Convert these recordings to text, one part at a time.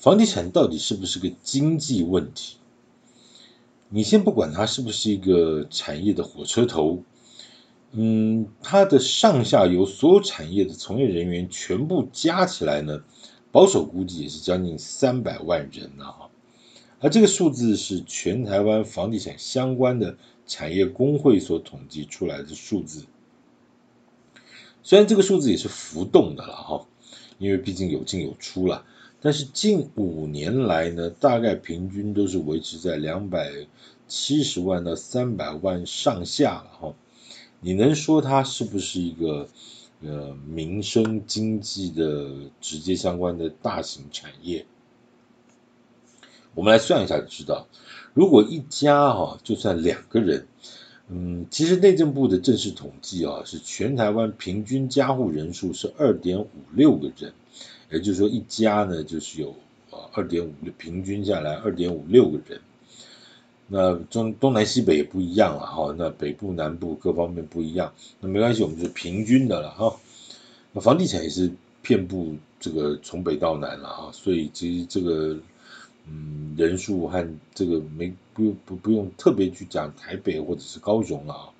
房地產到底是不是個經濟問題？你先不管它是不是一個產業的火車頭，嗯，它的上下游所有產業的從業人員全部加起來呢，保守估計也是將近三百萬人吶哈。而這個數字是全台灣房地產相關的產業工會所統計出來的數字。雖然這個數字也是浮動的了哈，因為畢竟有進有出啦。但是近五年來呢，大概平均都是維持在兩百七十萬到三百萬上下了哈、哦。你能說它是不是一個呃民生經濟的直接相關的大型產業？我們來算一下就知道，如果一家哈、啊、就算兩個人，嗯，其實內政部的正式統計啊是全台灣平均家戶人數是二點五六個人。也就是說，一家呢，就是有呃二點五，平均下來二點五六個人。那中東南西北也不一樣了哈，那北部南部各方面不一樣，那沒關係，我們就是平均的了哈。那房地產也是遍布這個從北到南了啊，所以其實這個嗯人數和這個沒不不不用特別去講台北或者是高雄了啊。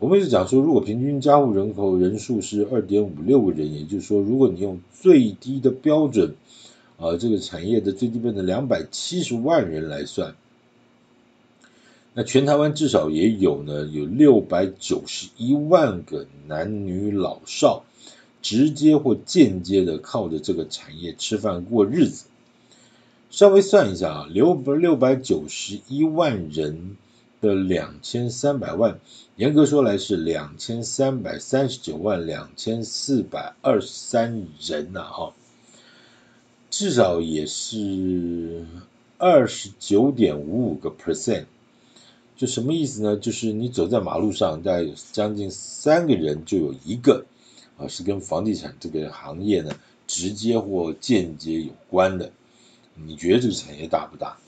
我們一直講說，如果平均家戶人口人數是二點五六個人，也就是說，如果你用最低的標準，啊、呃，這個產業的最低標準兩百七十萬人來算，那全台灣至少也有呢，有六百九十一萬個男女老少，直接或間接的靠着這個產業吃飯過日子，稍微算一下、啊，六百六百九十一萬人，的兩千三百萬，嚴格說來是兩千三百三十九萬兩千四百二十三人吶、啊，哈、哦，至少也是二十九點五五個 percent，就什麼意思呢？就是你走在馬路上，大概有將近三個人就有一個啊，是跟房地產這個行業呢直接或間接有關的。你覺得這個產業大不大？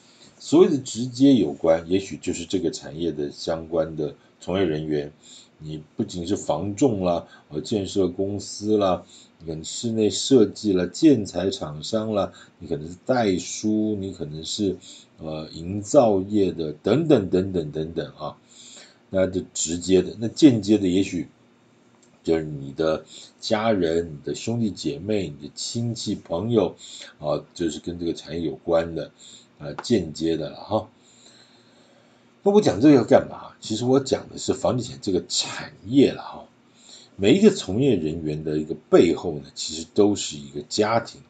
所謂的直接有關，也許就是這個產業的相關的從業人員，你不僅是房仲啦，呃，建設公司啦，你可能室內設計啦，建材廠商啦，你可能是代書，你可能是呃營造業的，等等等等等等啊，那就直接的，那間接的也許就是你的家人、你的兄弟姐妹、你的親戚朋友啊，就是跟這個產業有關的。呃，間接的了哈。那我講這個要幹嘛？其實我講的是房地產這個產業了哈。每一個從業人員的一個背後呢，其實都是一個家庭。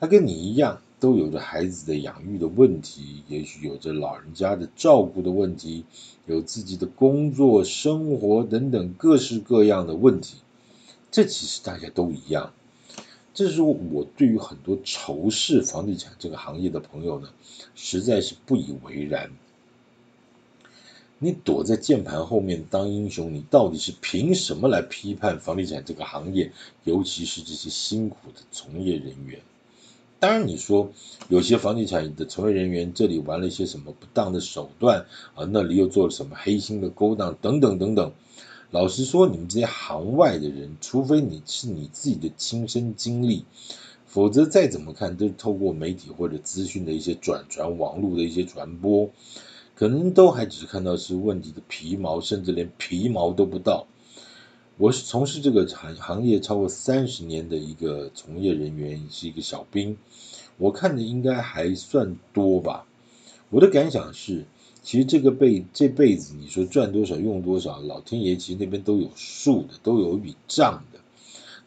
他、啊、跟你一樣，都有着孩子的養育的問題，也許有着老人家的照顧的問題，有自己的工作、生活等等各式各樣的問題。這其實大家都一樣。這是我對於很多仇視房地產這個行業的朋友呢，實在是不以為然。你躲在鍵盤後面當英雄，你到底是憑什麼來批判房地產這個行業？尤其是這些辛苦的從業人員。當然，你說有些房地產的從業人員這裡玩了一些什麼不當的手段，啊，那裡又做了什麼黑心的勾當，等等等等。老實說，你們這些行外的人，除非你是你自己的親身經歷，否則再怎麼看，都是透過媒體或者資訊的一些轉傳、網絡的一些傳播，可能都還只是看到是問題的皮毛，甚至連皮毛都不到。我是從事這個行行業超過三十年的一個從業人員，是一個小兵，我看的應該還算多吧。我的感想是。其實這個輩這輩子你說賺多少用多少，老天爺其實那邊都有數的，都有一筆賬的。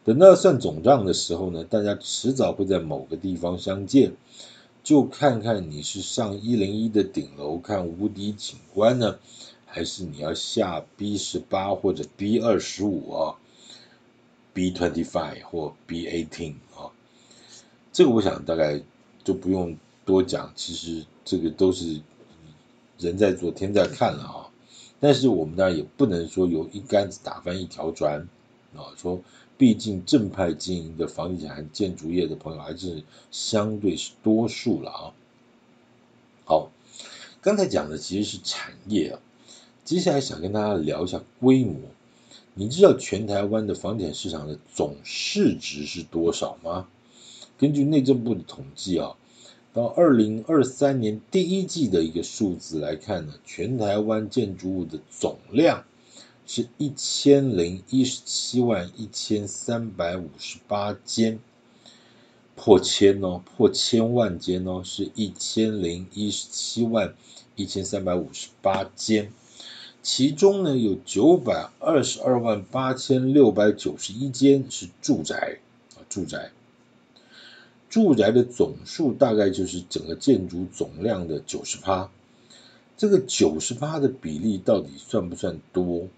等到算總賬的時候呢，大家遲早會在某個地方相見。就看看你是上101的頂樓看無敵景觀呢，還是你要下 B 十八或者 B 二十五啊，B twenty five 或 B eighteen 啊。這個我想大概就不用多講，其實這個都是。人在做天在看了啊，但是我們當然也不能說有一竿子打翻一條船啊，說，畢竟正派經營的房地產建築業的朋友還是相對是多數了啊。好，剛才講的其實是產業啊，接下來想跟大家聊一下規模。你知道全台灣的房地產市場的總市值是多少嗎？根據內政部的統計啊。到二零二三年第一季的一個數字來看呢，全台灣建築物的總量是一千零一十七萬一千三百五十八間，破千哦，破千萬間哦，是一千零一十七萬一千三百五十八間，其中呢有九百二十二萬八千六百九十一間是住宅啊，住宅。住宅的總數大概就是整個建築總量的九十趴。這個九十趴的比例到底算不算多？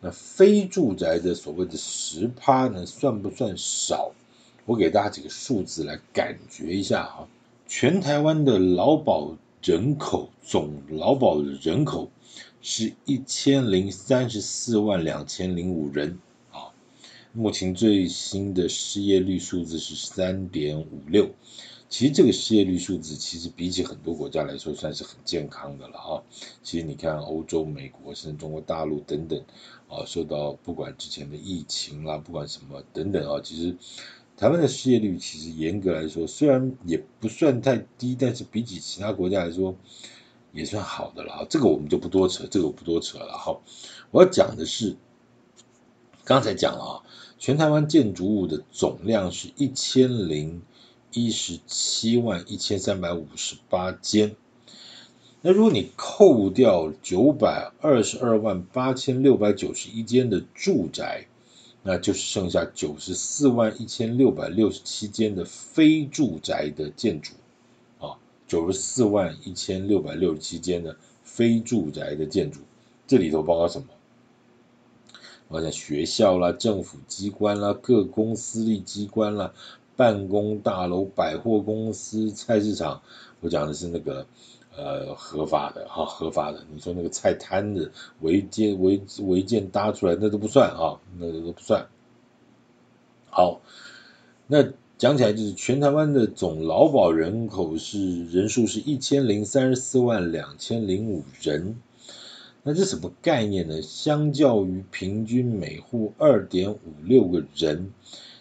那非住宅的所謂的十趴呢，算不算少？我給大家幾個數字來感覺一下哈啊，全台灣的勞保人口總勞保人口是一千零三十四萬兩千零五人。目前最新的失業率數字是三點五六，其實這個失業率數字其實比起很多國家來說算是很健康的了哈、啊。其實你看歐洲、美國，甚至中國大陸等等啊，受到不管之前的疫情啦、啊，不管什麼等等啊，其實台灣的失業率其實嚴格來說雖然也不算太低，但是比起其他國家來說也算好的了哈、啊。這個我們就不多扯，這個我不多扯了哈。我要講的是。剛才講了啊，全台灣建築物的總量是一千零一十七萬一千三百五十八間。那如果你扣掉九百二十二萬八千六百九十一間的住宅，那就是剩下九十四萬一千六百六十七間的非住宅的建築啊，九十四萬一千六百六十七間的非住宅的建築，這裡頭包括什麼？我講學校啦，政府機關啦，各公私立機關啦，辦公大樓、百貨公司、菜市場，我講的是那個呃合法的啊、哦，合法的。你說那個菜攤子違建、違違建搭出來那都不算啊、哦，那都不算。好，那講起來就是全台灣的總勞保人口是人數是一千零三十四萬兩千零五人。那這是什麼概念呢？相較於平均每戶二點五六個人，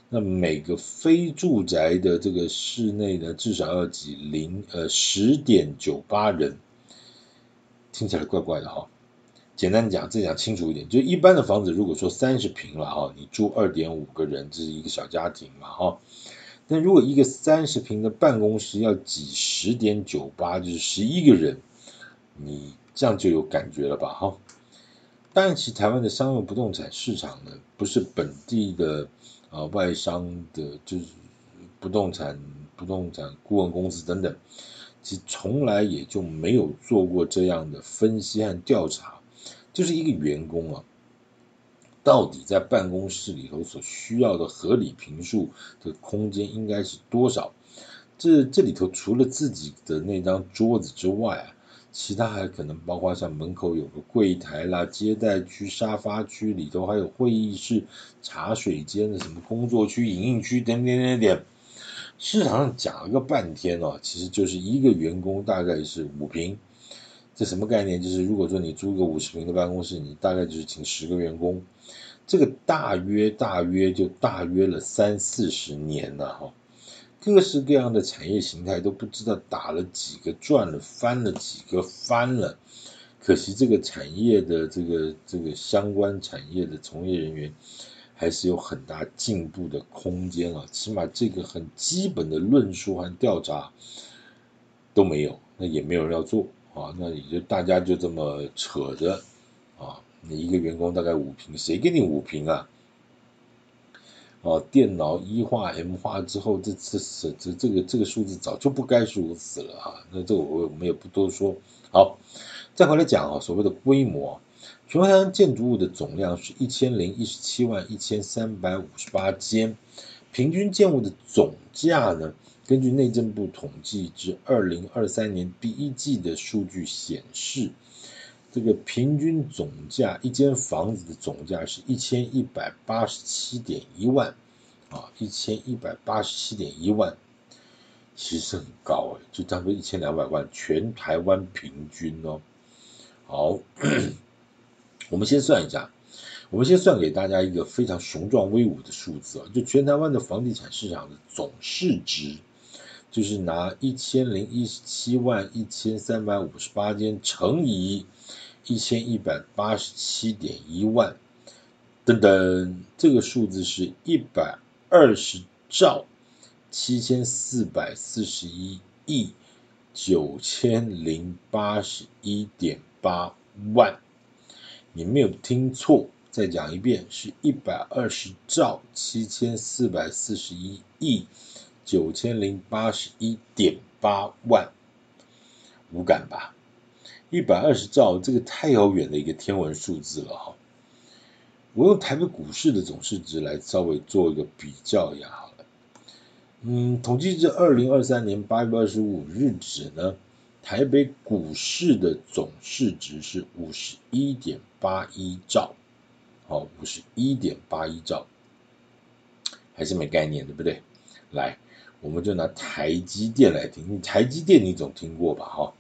那每個非住宅的這個室內呢，至少要擠零呃十點九八人，聽起來怪怪的哈。簡單講，再講清楚一點，就一般的房子，如果說三十平了哈，你住二點五個人，這是一個小家庭嘛哈。但如果一個三十平的辦公室要擠十點九八，就是十一個人。你這樣就有感覺了吧？哈、哦，但其實台灣的商用不動產市場呢，不是本地的啊、呃，外商的，就是不動產、不動產顧問公司等等，其實從來也就沒有做過這樣的分析和調查，就是一個員工啊，到底在辦公室裡頭所需要的合理坪數的空間應該是多少？這這裡頭除了自己的那張桌子之外啊。其他還可能包括像門口有個櫃台啦，接待區、沙發區裡頭還有會議室、茶水間的什麼工作區、影音區等等等等。市場上講了個半天哦，其實就是一個員工大概是五平，這什麼概念？就是如果說你租個五十平的辦公室，你大概就是請十個員工，這個大約大約就大約了三四十年了哈、哦。各式各樣的產業形態都不知道打了幾個轉了，翻了幾個翻了。可惜這個產業的這個這個相關產業的從業人員還是有很大進步的空間啊！起碼這個很基本的論述和調查都沒有，那也沒有人要做啊，那也就大家就這麼扯着啊。你一個員工大概五坪，誰給你五坪啊？哦，電腦 e 化、M 化之後，這、這、這、這個、這個數字早就不該是如此了啊！那這我我們也不多說。好，再回來講啊，所謂的規模，全台建築物的總量是一千零一十七萬一千三百五十八間，平均建物的總價呢，根據內政部統計至二零二三年第一季的數據顯示。這個平均總價，一間房子的總價是一千一百八十七點一萬啊，一千一百八十七點一萬，其實很高誒，就差不多一千兩百萬，全台灣平均哦。好，咳咳，我們先算一下，我們先算給大家一個非常雄壯威武的數字啊，就全台灣的房地產市場的總市值，就是拿一千零一十七萬一千三百五十八間乘以。一千一百八十七點一萬，噔噔，這個數字是一百二十兆七千四百四十一億九千零八十一點八萬，你沒有聽錯，再講一遍，是一百二十兆七千四百四十一億九千零八十一點八萬，無感吧？一百二十兆，這個太遙遠的一個天文數字了哈。我用台北股市的總市值來稍微做一個比較一下好了。嗯，統計至二零二三年八月二十五日止呢，台北股市的總市值是五十一點八一兆，好、哦，五十一點八一兆，還是沒概念對不對？來，我們就拿台積電來聽，台積電你總聽過吧哈。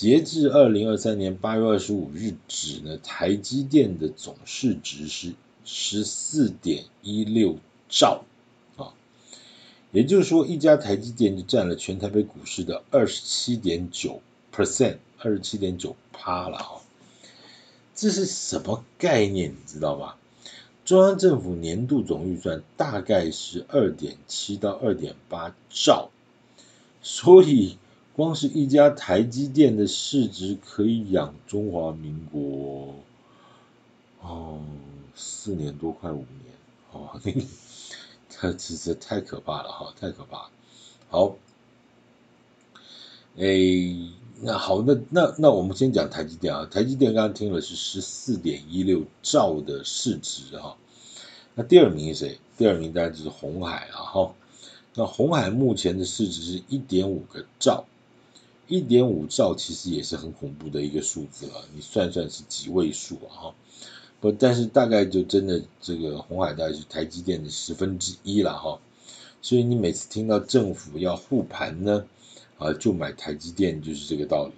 截至二零二三年八月二十五日止呢，台積電的總市值是十四點一六兆啊、哦，也就是說一家台積電就佔了全台北股市的二十七點九 percent，二十七點九趴了啊、哦！這是什麼概念？你知道嗎？中央政府年度總預算大概是二點七到二點八兆，所以。光是一家台積電的市值可以養中華民國哦四年多快五年哦，呵呵這這太可怕了哈、哦，太可怕了。好、哦，誒、哎，那好，那那那我們先講台積電啊，台積電剛剛聽了是十四點一六兆的市值哈、哦。那第二名是誰？第二名當然就是鴻海啊哈、哦。那鴻海目前的市值是一點五個兆。一點五兆其實也是很恐怖的一個數字了，你算算是幾位數啊？不，但是大概就真的這個鴻海，帶是台積電的十分之一了哈、啊。所以你每次聽到政府要護盤呢，啊，就買台積電，就是這個道理。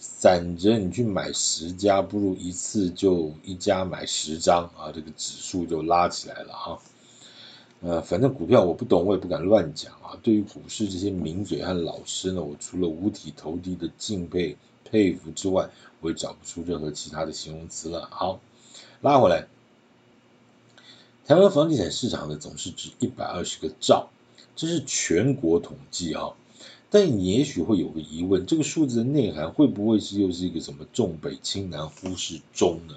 散着你去買十家，不如一次就一家買十張啊，這個指數就拉起來了哈、啊。呃，反正股票我不懂，我也不敢亂講啊。對於股市這些名嘴和老師呢，我除了五體投地的敬佩、佩服之外，我也找不出任何其他的形容詞了。好，拉回來，台灣房地產市場呢，總市值一百二十個兆，這是全國統計啊。但你也許會有個疑問，這個數字的內涵會不會是又是一個什麼重北輕南、忽視中呢？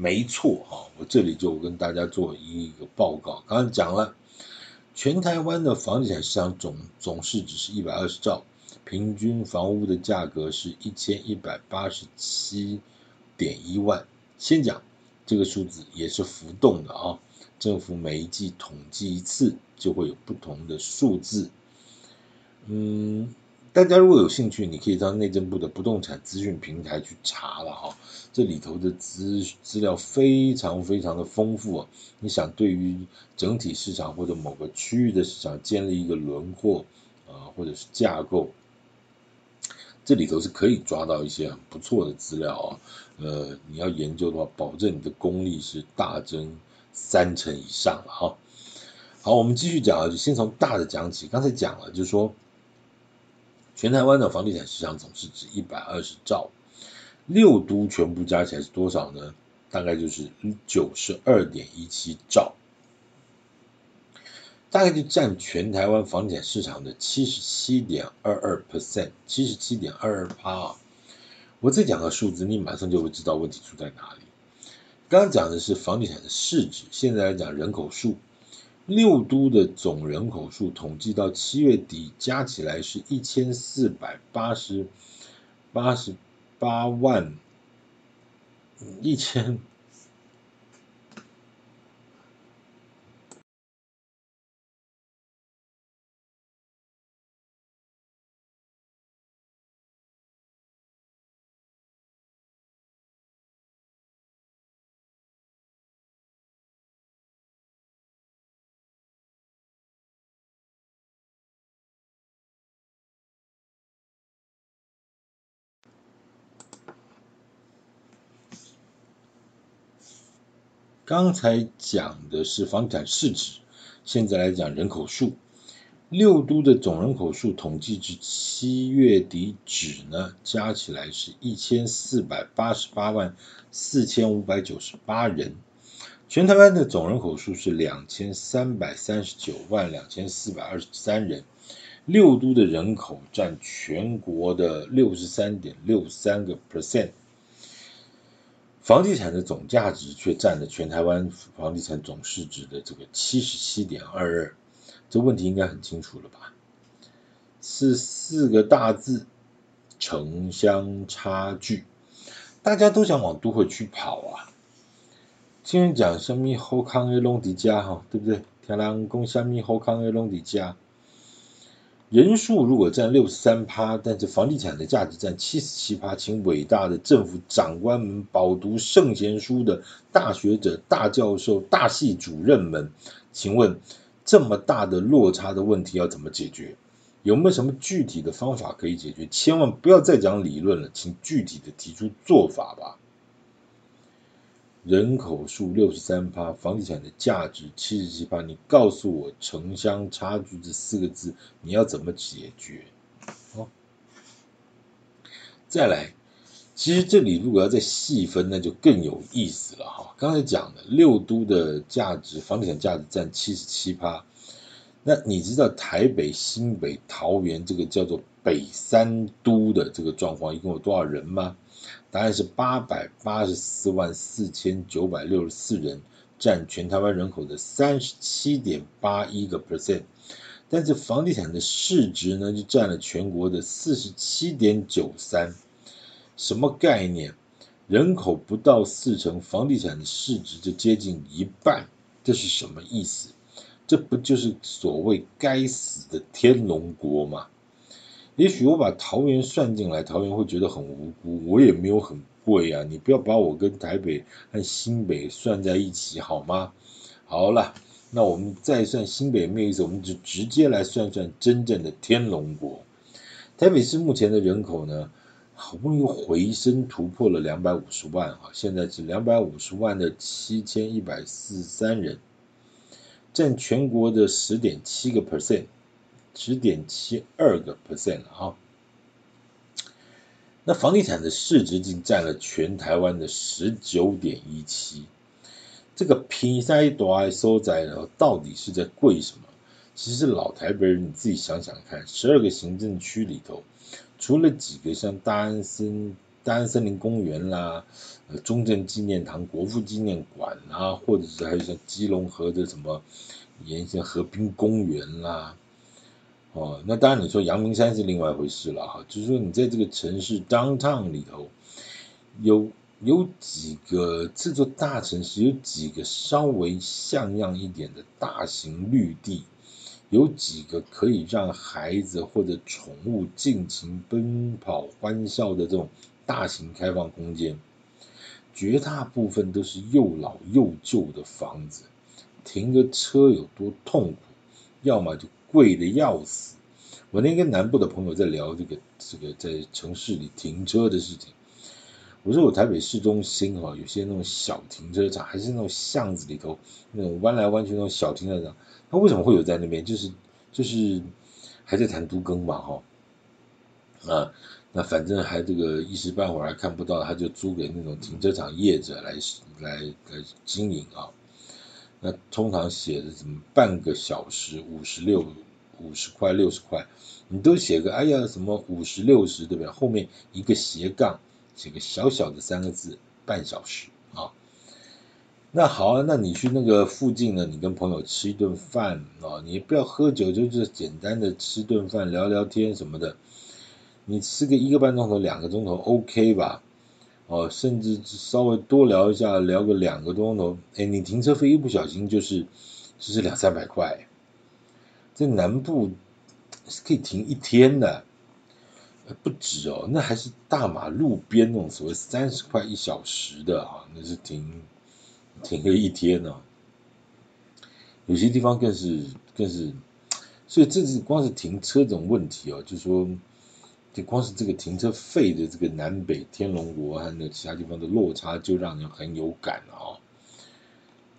沒錯啊，我這裡就跟大家做一個報告。剛剛講了，全台灣的房地產市場總總市值是一百二十兆，平均房屋的價格是一千一百八十七點一萬。先講這個數字也是浮動的啊，政府每一季統計一次就會有不同的數字。嗯。大家如果有興趣，你可以到內政部的不動產資訊平台去查了哈，這裡頭的資資料非常非常的豐富。你想對於整體市場或者某個區域的市場建立一個輪廓啊、呃，或者是架構，這裡頭是可以抓到一些很不錯的資料啊。呃，你要研究的話，保證你的功力是大增三成以上了哈、啊。好，我們繼續講啊，就先從大的講起。剛才講了，就是說。全台灣的房地產市場總市值一百二十兆，六都全部加起來是多少呢？大概就是九十二點一七兆，大概就占全台灣房地產市場的七十七點二二 percent，七十七點二二趴。我再講個數字，你馬上就會知道問題出在哪裡。剛剛講的是房地產的市值，現在來講人口數。六都的總人口數統計到七月底，加起來是一千四百八十八十八萬一千。剛才講的是房產市值，現在來講人口數。六都的總人口數統計至七月底止呢，加起來是一千四百八十八萬四千五百九十八人。全台灣的總人口數是兩千三百三十九萬兩千四百二十三人。六都的人口占全國的六十三點六三個 percent。房地產的總價值卻占了全台灣房地產總市值的這個七十七點二二，這問題應該很清楚了吧？是四個大字：城鄉差距。大家都想往都會區跑啊！今天講什麼好康的攏在遮吼，對不對？聽人講什麼好康的攏在遮。人數如果占六十三趴，但是房地產的價值占七十七趴，請偉大的政府長官們、飽讀聖賢書的大學者、大教授、大系主任們，請問這麼大的落差的問題要怎麼解決？有沒有什麼具體的方法可以解決？千萬不要再講理論了，請具體的提出做法吧。人口數六十三趴，房地產的價值七十七趴。你告訴我城鄉差距這四個字，你要怎麼解決？好，哦，再來，其實這裡如果要再細分，那就更有意思了哈。剛才講的六都的價值，房地產價值占七十七趴。那你知道台北、新北、桃園這個叫做北三都的這個狀況，一共有多少人嗎？答案是八百八十四萬四千九百六十四人，占全台灣人口的三十七點八一個 percent，但是房地產的市值呢，就占了全國的四十七點九三，什麼概念？人口不到四成，房地產的市值就接近一半，這是什麼意思？這不就是所謂該死的天龍國嗎？也許我把桃園算進來，桃園會覺得很無辜，我也沒有很貴啊，你不要把我跟台北和新北算在一起好嗎？好了，那我們再算新北沒有意思，我們就直接來算算真正的天龍國。台北市目前的人口呢，好不容易回升突破了兩百五十萬啊，現在是兩百五十萬的七千一百四十三人，占全國的十點七個 percent。十點七二個 percent 啊！那房地產的市值竟占了全台灣的十九點一七，這個坪上一多收窄了，到底是在貴什麼？其實老台北人你自己想想看，十二個行政區裡頭，除了幾個像大安森、大安森林公園啦、中正紀念堂、國父紀念館啦，或者是還有像基隆河的什麼沿線河濱公園啦。哦，那當然，你說陽明山是另外一回事了哈、啊。就是說，你在這個城市 downtown 裡頭，有有幾個這座大城市，有幾個稍微像樣一點的大型綠地，有幾個可以讓孩子或者寵物盡情奔跑歡笑的這種大型開放空間，絕大部分都是又老又舊的房子，停個車有多痛苦，要麼就。貴的要死！我那天跟南部的朋友在聊這個這個在城市裡停車的事情，我說我台北市中心哦，有些那種小停車場，還是那種巷子裡頭那種彎來彎去那種小停車場，他為什麼會有在那邊？就是就是還在談都更嘛哈、哦，啊，那反正還這個一時半會兒還看不到，他就租給那種停車場業者來來來經營啊、哦。那通常寫的什麼半個小時五十六五十塊、六十塊，你都寫個哎呀什麼五十六十對不對？後面一個斜槓，寫個小小的三個字半小時啊、哦。那好啊，那你去那個附近呢？你跟朋友吃一頓飯啊、哦，你不要喝酒，就是簡單的吃頓飯，聊聊天什麼的。你吃個一個半鐘頭、兩個鐘頭 OK 吧？哦，甚至稍微多聊一下，聊個兩個多鐘頭，哎，你停車費一不小心就是就是兩三百塊，在南部是可以停一天的，不止哦，那還是大馬路邊那種所謂三十塊一小時的啊、哦，那是停停個一天呢、哦，有些地方更是更是，所以這是光是停車這種問題哦，就是說。就光是這個停車費的這個南北天龍國和那其他地方的落差，就讓人很有感啊、哦。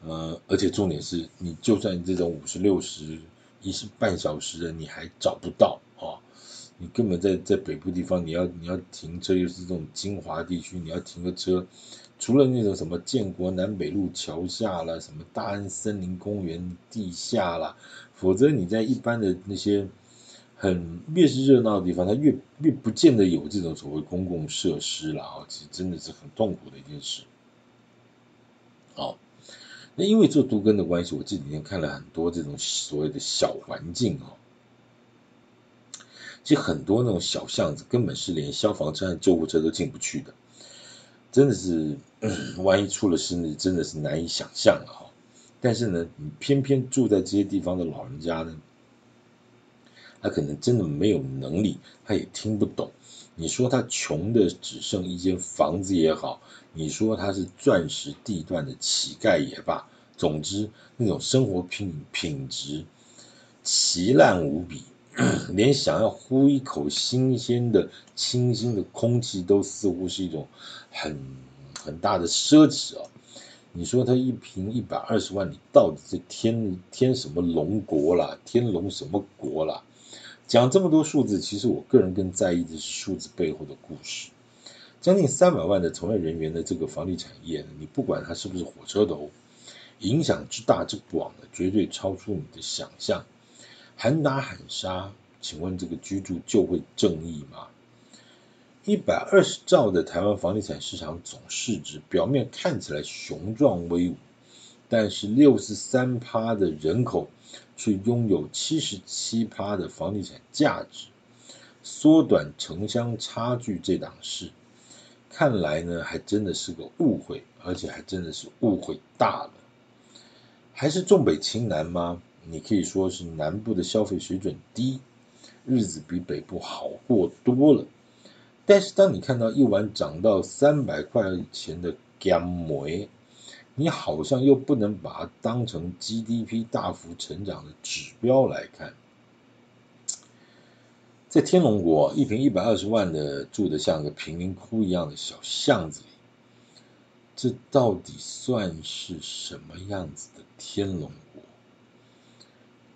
呃，而且重點是，你就算這種五十六十，一十半小時的，你還找不到啊、哦。你根本在在北部地方，你要你要停車，又、就是這種精華地區，你要停個車，除了那種什麼建國南北路橋下啦，什麼大安森林公園地下啦，否則你在一般的那些。很越是熱鬧的地方，它越越不見得有這種所謂公共設施啦、哦！其實真的是很痛苦的一件事。好，那因為做都更的關係，我這幾天看了很多這種所謂的小環境哦。其實很多那種小巷子根本是連消防車、救護車都進不去的，真的是、嗯、萬一出了事，真的是難以想象啊！但是呢，你偏偏住在這些地方的老人家呢？他可能真的沒有能力，他也聽不懂。你說他窮的只剩一間房子也好，你說他是鑽石地段的乞丐也罷，總之那種生活品品質奇爛無比，連想要呼一口新鮮的清新的空氣都似乎是一種很很大的奢侈啊、哦！你說他一坪一百二十萬，你到底是天天什麼龍國啦？天龍什麼國啦？講這麼多數字，其實我個人更在意的是數字背後的故事。將近三百萬的從業人員的這個房地產業呢，你不管它是不是火車頭，影響之大之廣的絕對超出你的想象。喊打喊殺，請問這個居住就會正義嗎？一百二十兆的台灣房地產市場總市值，表面看起來雄壯威武，但是六十三趴的人口。卻擁有七十七趴的房地產價值，縮短城鄉差距這檔事，看來呢還真的是個誤會，而且還真的是誤會大了，還是重北輕南嗎？你可以說是南部的消費水準低，日子比北部好過多了，但是當你看到一碗漲到三百塊錢的鹹粥。你好像又不能把它當成 GDP 大幅成長的指標來看，在天龍國，一坪一百二十萬的住的像個貧民窟一樣的小巷子裡，這到底算是什麼樣子的天龍國？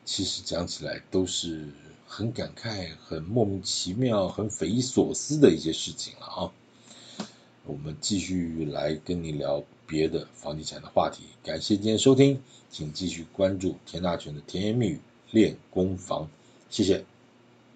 其實講起來都是很感慨、很莫名其妙、很匪夷所思的一些事情了啊！我們繼續來跟你聊。別的房地產的話題，感謝今天收聽，請繼續關注田大權的甜言蜜語練功房，謝謝。